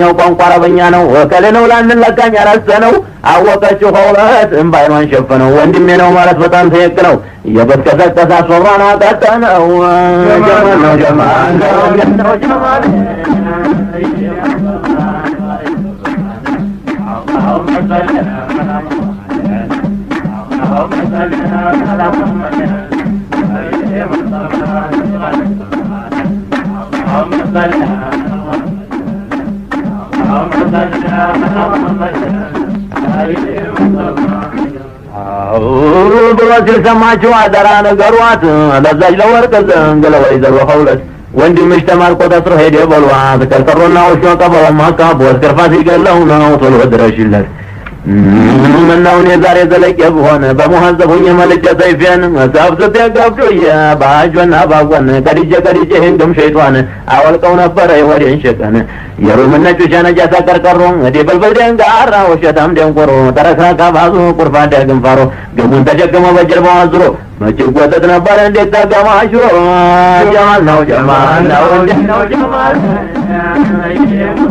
ኛው ቋንቋ አረበኛ ነው። ወከለ ነው ላንን ለጋኝ ያላዘነው አወቀችው ከውለት እምባይኗን ሸፈነው ወንድሜ ነው ማለት በጣም ተየቅ ነው። የበት ቀዘቀዘ አስፈራን አቀጠነው ጀማነው ጀማነው ጀማነው ብሎ ሲል ሰማችሁ። አደራ ነገሯት ለዛች ለወርቅ ወንድምሽ ተማርቆ ተስሮ ሄደ በሏት። ከልፈሮና ወሾ ቀበሮ ማካቦት ግርፋት ይገለው ነው ቶሎ ድረሽለት መላውን የዛሬ ዘለቄ ብሆን በመሐዘብ ሁኜ መልቄ ሰይፌን ሰብስቤ ገብዱዬ በአጆና ባጎን ቀድጄ ቀድጄ ህንድም ሸይጧን አወልቀው ነበረ የወዴን ሽቅን የሩምነ ጩሸ ነጃሳ ቀርቀሮ ዲብልብል ደንጋራ ውሸታም ደንቆሮ ተረክራካ ባዙ ቁርፋ እንደ ግንፋሮ ግሙን ተሸክሞ በጀርባው አዝሮ መች ይጎተት ነበረ እንዴት ተገማሽሮ ጀማል ነው ጀማል ነው እንዴት ነው ጀማል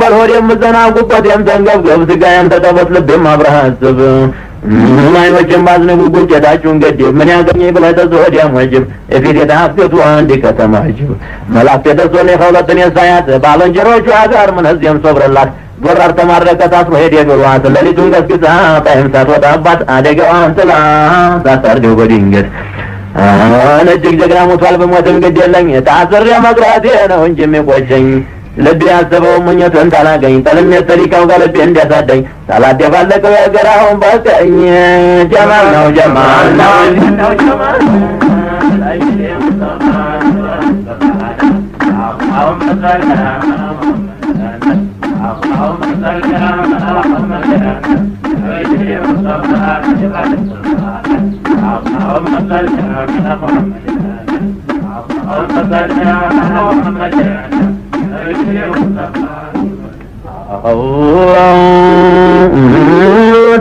በል ሆዴም ዘናጉበት የምተንገብገብ ስጋዬም ተጠበት ልቤም አብረህ አስብ ምን አይኖችም ባዝንጉጉር ጌታችሁን ገድብ ምን ያገኘ ብለህ ተዘወዲያም ወጅብ የፊት የታፍገቱ አንድ ከተማ ጅብ መላክ የተሶን የኸውለትን የሳያት ባልንጀሮቹ አጋር ምንህዝየም ሶብረላት ጎራር ተማረከ ታስሮ ሄድ የግሯት ሌሊቱን ገስግሳ ጣይም ሳትወጣባት አደጋዋን ጥላ ሳታርደው በድንገት እጅግ ጀግና ሞቷል በሞትም ግድ የለኝ ታስሬ መቅረቴ ነው እንጂ የሚቆጨኝ ልብ ያሰበው ምኞት ታላገኝ ጠልም የተሪካው ጋር ልብ እንዲያሳደኝ የገራ አሁን በቀኝ ጀማል ነው ጀማል ነው اللهم صل على محمد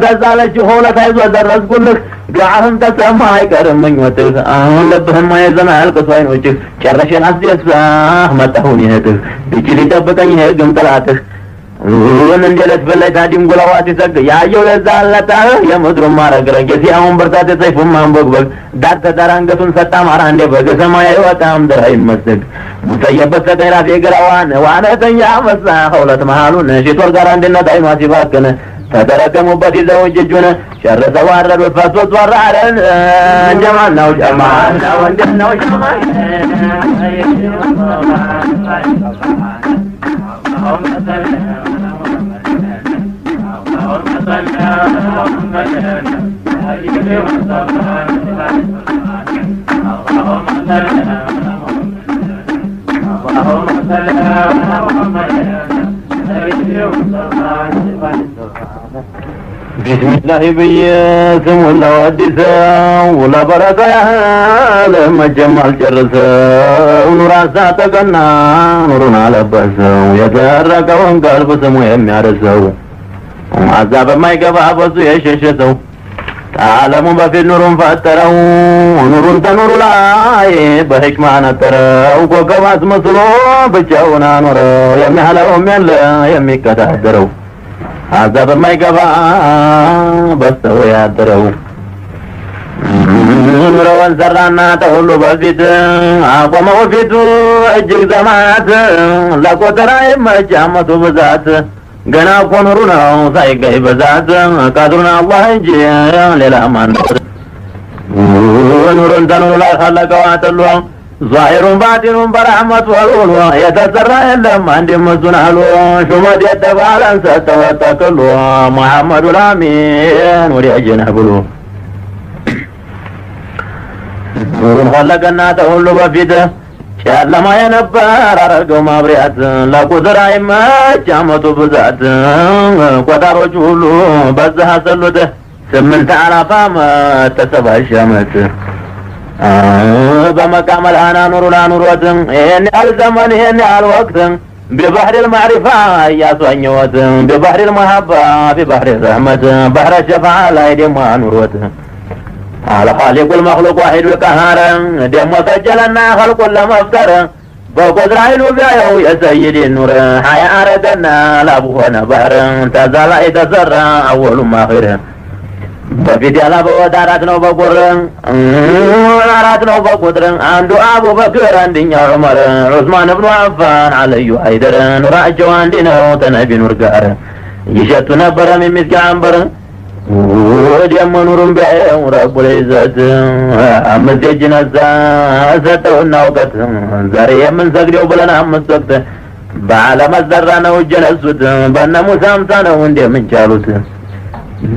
ከዛ ለች ሆነ ታይዞ ደረስኩልህ ዱዓህም ተሰማ አይቀርም ምኞትህ አሁን ልብህማ የዘና አልቅሶ አይኖችህ ጨረሽን አስደሳህ መጣሁን ይህትህ ብችል ይጠብቀኝ ይህ ጥላትህ ወን እንደለት በለታ ታዲም ጉላዋት ያየው ለዛ አለታ የምድሩ ማረግረ ጊዜ አሁን በርታት የሰይፉን ማንበግ ዳር ተዳር አንገቱን ሰጣ ማራ እንደ በግ ሰማያዊ ወጣም ድራ ይመስግ ሙሰየበት ሰቀይራት የግራዋን ዋነተኛ መሳ ሁለት መሃሉ ነሽቶር ጋር አንድነት አይኗ ሲባክን ተተረከሙበት ይዘው እጅ እጁን ዋረዱት ፈሶት ወራረን እንጀማን ነው ጀማን ነው እንዴት ነው ጀማን بسم الله ስሙን ላወድሰው ለበረካ ያህል መቼም አልጨርሰው ኑር አሳጠቀና ኑሩን አለበሰው የተረቀውን ቀልብ ስሙ የሚያርሰው ማዛ በማይገባ አበዙ የሸሸ ሰው ከዓለሙ በፊት ኑሩን ፈጠረው ኑሩን ተኑሩ ላይ በህክማ ነጠረው ኮከብ አስመስሎ ብቻውን አኖረው የሚያለውም ያለ የሚቀዳደረው አዛ በማይገባ በሰው ያደረው ምረወን ሰራና ተሁሉ በፊት አቆመው ፊቱ እጅግ ዘማት ለቆጠራ የመጫመቱ ብዛት ገና እኮ ኑሩ ነው ሳይገኝ በዛት ቃድሩን አላህ እንጂ ሌላ ማን ኑሩን ተኑሩ ላይ ካለቀው አጥሎ ዛሂሩን ባጢኑን በረሕመቱ አልውሎ የተዘራ የለም አንድም እሱን አሉ ሹመት የተባለን ሰጠው ተክሎ ሙሐመዱ ላሚን ወዲ እጅነህ ብሉ ኑሩን ኸለቀና ተሁሉ በፊትህ ጨለማ የነበር አረገው ማብሪያት ለቁጥር አይመች አመቱ ብዛት ቆጣሮች ሁሉ በዛ አሰሉት ስምንት አላፍ አመት ተሰባሽ አመት በመቃ መልአና ኑሩ ላኑሮት ይህን ያህል ዘመን ይህን ያህል ወቅት ببحر المعرفة يا صنوت ببحر المحبة ረህመት ባህረ ሸፋ ላይ لا يدم نوروت አልኻሊቁል መክሉቅ ዋሒዱል ቀሃር ደግሞ ከጀለና ኸልቁን ለመፍጠር በቁድር ኃይሉ ቢያየው የሰይድ ኑር ሀያ አረገና ላብ ሆነ ባህር ተዛላይ ተሰራ አወሉ አኺር በፊት ያላበወት አራት ነው በቁር አራት ነው በቁጥር አንዱ አቡበክር አንድኛ ዑመር ዑስማን እብኑ አፋን አለዩ አይደር ኑራቸው አንድ ነው ተነቢ ኑር ጋር ይሸቱ ነበረ ሚሚስኪ አንበር ወዲያ መኖሩን ቢያየው ረቡል ዒዘት አምስት ደጅ ነሳ ሰጠውና እውቀት ዛሬ የምንሰግደው ብለን አምስት ወቅት በዓለም አዘራ ነው እጅ ነሱት በነ ሙሳ አምሳ ነው እንደምንቻሉት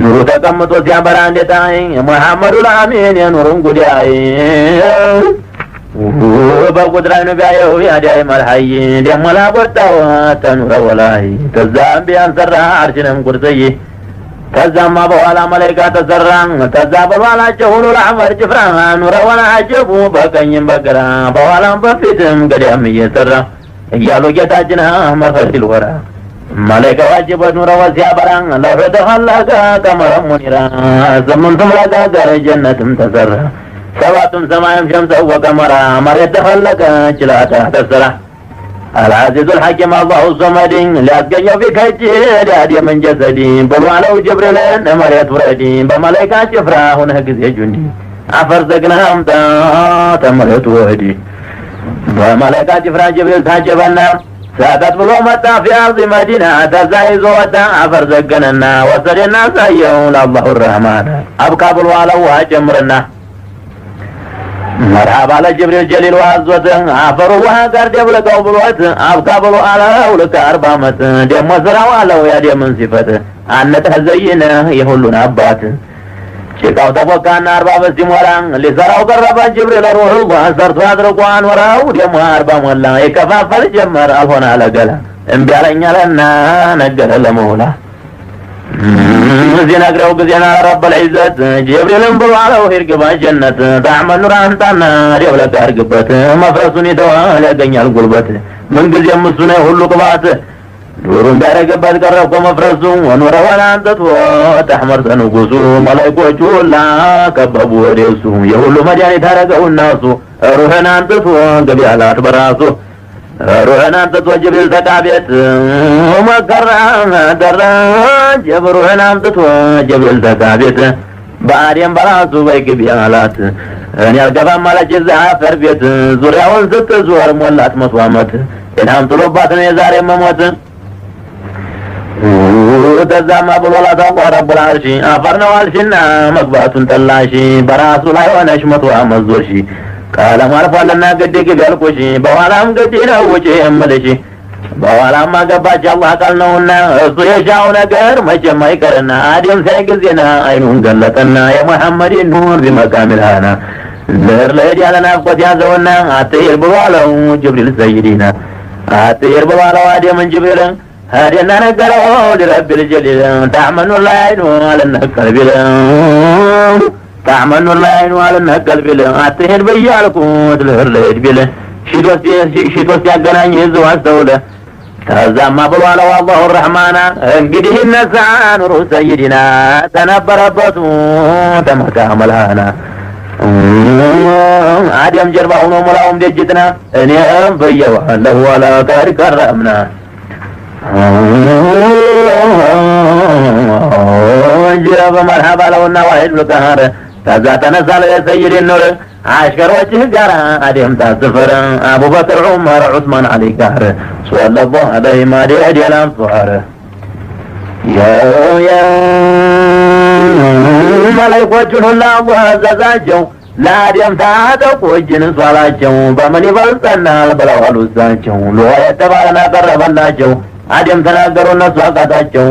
ኑሩ ተቀምጦ ሲያበራ እንዴታይ መሐመዱ ለአሚን የኑሩን ጉዳይ በቁጥራዊ ነው ቢያየው ያዳይ መልሀይ ደሞ ላቆጣው ተኑረ ወላይ ከዛም ቢያን ሰራ አርሽንም ቁርጽይ ከዛማ በኋላ መላይካ ተሰራ። ከዛ በኋላቸው ሁሉ ለአመር ጭፍራ ኑረወን አጀቡ በቀኝም በግራ በኋላም በፊትም ገዳም እየሰራ እያሉ ጌታችን መፈር ሲል ወራ መላይካ ዋጅበት ኑረወ ሲያበራ ለፍትህ አላጋ ቀመረም ሙኒራ ስምንቱም ለጋገር ጀነትም ተሰራ ሰባቱም ሰማይም ሸምሰወ ቀመራ መሬት ተፈለቀ ችላታ ተሰራ አልዓዚዙል ሐኪም አላሁ ሶመድ ሊያስገኘው ፊት ከጅድ አደም እንጀሰዲ ብሎ አለው ጅብሪልን መሬት ውረዲ በመላይካ ጭፍራ ሁነህ ጊዜ ጁኒ አፈር ዘግነህ አምጣ ተመሬቱ ወህዲ በመላይካ ጭፍራ ጅብሪል ታጀበና ሰጠት ብሎ መጣ ፊአርዚ መዲና ተዛ ይዞ ወጣ አፈር ዘገነና ወሰደና አሳየውን አላሁ ረህማን አብካ ብሎ አለው ውሃ ጨምርና መርሃባ አለ ጅብሪል ጀሊል አዞት አፈሩ ውሃ ጋር ደብለቀው ብሎት አብካ ብሎ አለው ልክ አርባ ዓመት ደሞ ስራው አለው ያደምን ሲፈት አነጠህ ዘይነህ የሁሉን አባት ጭቃው ተፎካና አርባ ዓመት ሲሞላ ሊሰራው ቀረበ ጅብሪል ሩህ ሰርቶ አድርቆ አኖረው ደሞ አርባ ሞላ ይከፋፈል ጀመር አልሆነ አለገላ እምቢ አለኛለና ነገረ ለመውላ እዚህ ነግረው ጊዜና ረበል ዒዘት ጅብሪልም ብሎ አለው ሂድ ግባ ጀነት ታዕመል ኑር አንታና ደብለ ካርግበት መፍረሱን ይተዋል ያገኛል ጉልበት ምንጊዜም እሱ ነው ሁሉ ቅባት ዱሩ እንዳረገበት ቀረብኮ መፍረሱ ወኖረ ዋላ አንጠት ተሕመር ተንጉሱ መላይኮቹ ሁላ ከበቡ ወደ የሁሉ መድኃኒት አረገው እናሱ ሩህን አንጥቶ ገቢ አላት በራሱ ሩህን አምጥቶ ጅብሪል ተቃ ቤት ሞከራ ደራ ጀብ ሩህን አምጥቶ ጅብሪል ተቃ ቤት በአዴም በራሱ በይግቢ አላት እኔ አልገባም አለች እዚህ አፈር ቤት ዙሪያውን ስትዞር ሞላት መቶ ዓመት ጤናም ጥሎባት ነው የዛሬ መሞት ከዛማ ብሎላት አቋረቡላልሺ አፈር ነው አልሽና መግባቱን ጠላሺ በራሱ ላይ ሆነሽ መቶ ዓመት ዞርሺ ቃለም አልፏልና ግድ ግገልኩሽ በኋላም ግድ ነው ውጪ እምልሽ በኋላም አገባች አላህ ቃል ነውና እሱ የሻው ነገር መቼም አይቀርና አዲም ሳይ ጊዜና አይኑን ገለጠና የመሐመድ ኑር ቢመቃሚልሃና ዘር ለእድ ያለ ናፍቆት ያዘውና አትሂድ ብሎ ጅብሪል ሰይዲና አትሂድ ብሎ አለው ጅብሪል ጅብሪልን ሄደና ነገረው ሊረቢል ጀሊል ታዕመኑላ አይኑ አለነ ቀልቢል ታዕመኑ ላይኑ አለመቀል ቢልህ አትሄድ በያልኩ ልህር ልሂድ ቢልህ ሽቶስ ያገናኝ ህዝብ አስተውለ ከዛማ ብሎ አለው አላሁ ረሕማና እንግዲህ እነሳ ኑሩ ሰይድና ተነበረበቱ ተመካ መልሃና አዲያም ጀርባ ሆኖ ሙላውም ደጅትና እኔም ብየዋለሁ ወለቀድ ከረምና እንጀራ በመርሃባ ለውና ዋሂድ ብልቀሃር ከዛ ተነሳ ለሰይድ ኑር አሽከሮችህ ጋር አደም ታስፈር አቡበክር ዑመር ዑስማን ዓሊ ጋር ሶለቦ አለይ ማዲ ማዲድ የላንሷር መላይኮቹን ሁላ አላህ አዘዛቸው ለአደም ታጠቁ እጅን ሷላቸው በምን ይበልጠናል ብለው አሉ እሳቸው ሎሆ የተባለን አቀረበላቸው አደም ተናገሩ እነሱ አቃታቸው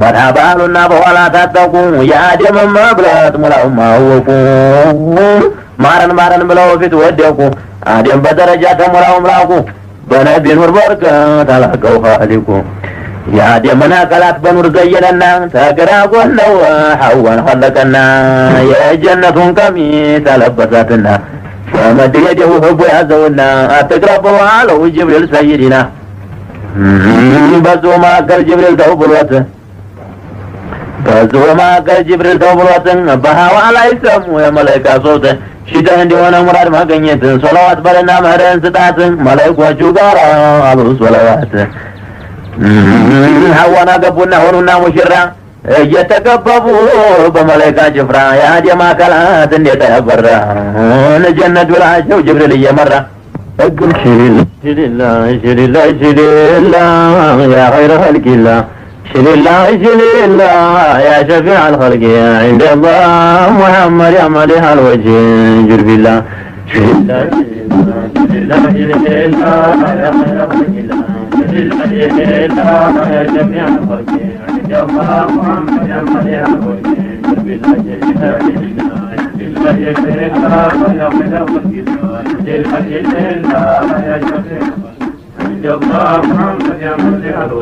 በታባሉና በኋላ ታጠቁ የአደም መብላት ሙላውም አወቁ ማረን ማረን ብለው ፊት ወደቁ አደም በደረጃ ከሙላውም ላቁ በነቢ ኑር በርከት አላቀው ኻሊቁ የአደምን አካላት በኑር ዘየነና ተግራ ጎነው ሐዋን ኸለቀና የጀነቱን ቀሚስ አለበሳትና በመድር የደው ህቡ ያዘውና አትቅረበው አለው ጅብሪል ሰይድና በዙ መካከል ጅብሪል ተው ብሎት ከዚሁ መካከል ጅብሪል ተብሎትን በሀዋ ላይ ሰሙ የመላይካ ሶት ሽተህ እንዲሆነ ሙራድ ማገኘት ሶላዋት በለና ምህረን ስጣት መላይኮቹ ጋር አሉ ሶላዋት ሀዋና ገቡና ሆኑና ሙሽራ እየተከበቡ በመላይካ ጭፍራ የአደም አካላት እንዴት ያበራ ጀነት ብላቸው ጅብሪል እየመራ ሽሊላ ሽሊላ ሽሊላ ያ ኸይረ ኸልቂላ لله شل الله يا شفيع الخلق يا عند الله محمد يا مليح الوجه جر بالله لله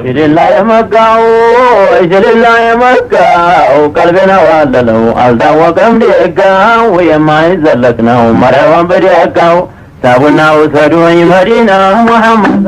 ኢድላ የመጋው ኢድላ የመጋው ቀልቤና ዋለለው አልታወቀም ደጋው የማይዘለቅ ነው መረዋን በደጋው ሳቡና ውሰዱኝ መዲና ሙሐመድ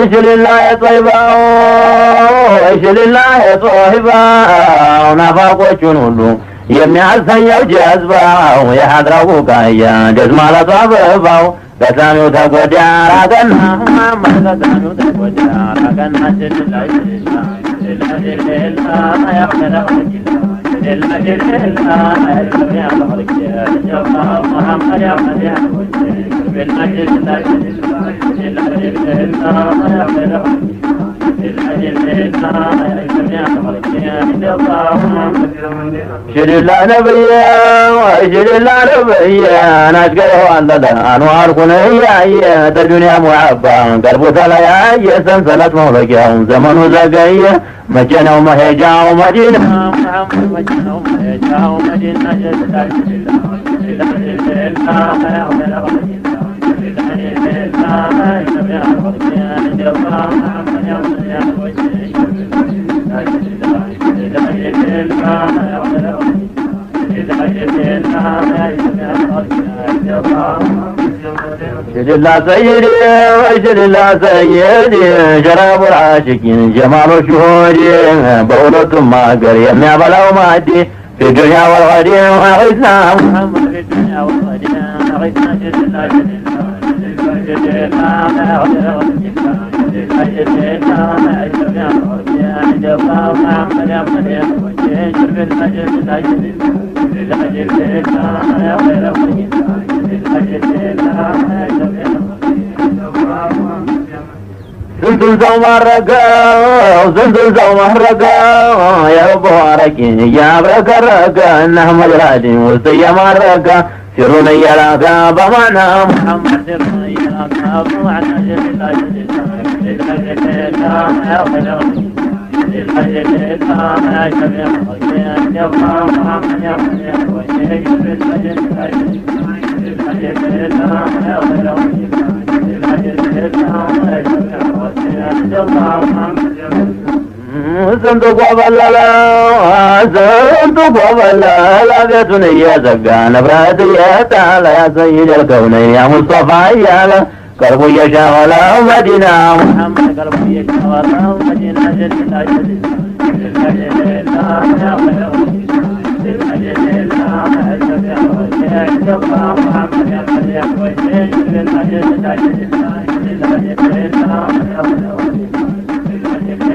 اجل الله طيبا اجل الله صاحبا نفاق وجنون የሚያሰኘው ጀዝባው የሀድራው ቡቃያ ደስማላ አበባው ገጣሚው ተጎዳ ራቀና ገጣሚው ተጎዳ ራቀና لا ሽድላ ነብየ ሽድላ ዘመኑ ዘገየ መቼ ነው መሄጃው መዲና اجلا سيدي واجلا سيدي شراب العاشقين جمال شهودي بولة ما قريب يا بلاو مادي في الدنيا والغديم وعزنا محمد في الدنيا والغديم وعزنا جلنا جلنا جلنا جلنا جلنا زلزل مرقا زلزل مرقا يا بارك يا برك رقا نعم الهادي وسيا مرقا سرنا يا لقا بمعنى محمد سرنا يا لقا بمعنى جميل جميل Thank you. sanduku abalala sanduku abalala ya tunayya zakana brati ya tala ya sayyid al-kawnayn ya mustafa ya la karbu ya shawala madina muhammad karbu ya shawala madina jadda jadda Thank you.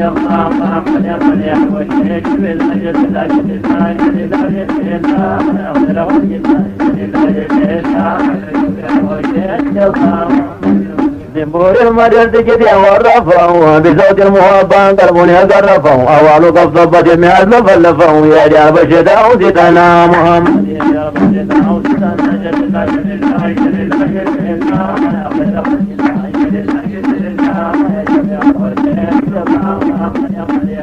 عند الله فقد فليح والشرك بالمجلس لا شرك لله الشيطان أغفر والجبال لله الشيطان وشرك الله بمور المريض جدي ورفه بزوج المهابان قلبني قرفه أول قف ضبط من المفلفه يا جاب شداه زيتنا محمد يا جاب شداه زيتنا محمد يا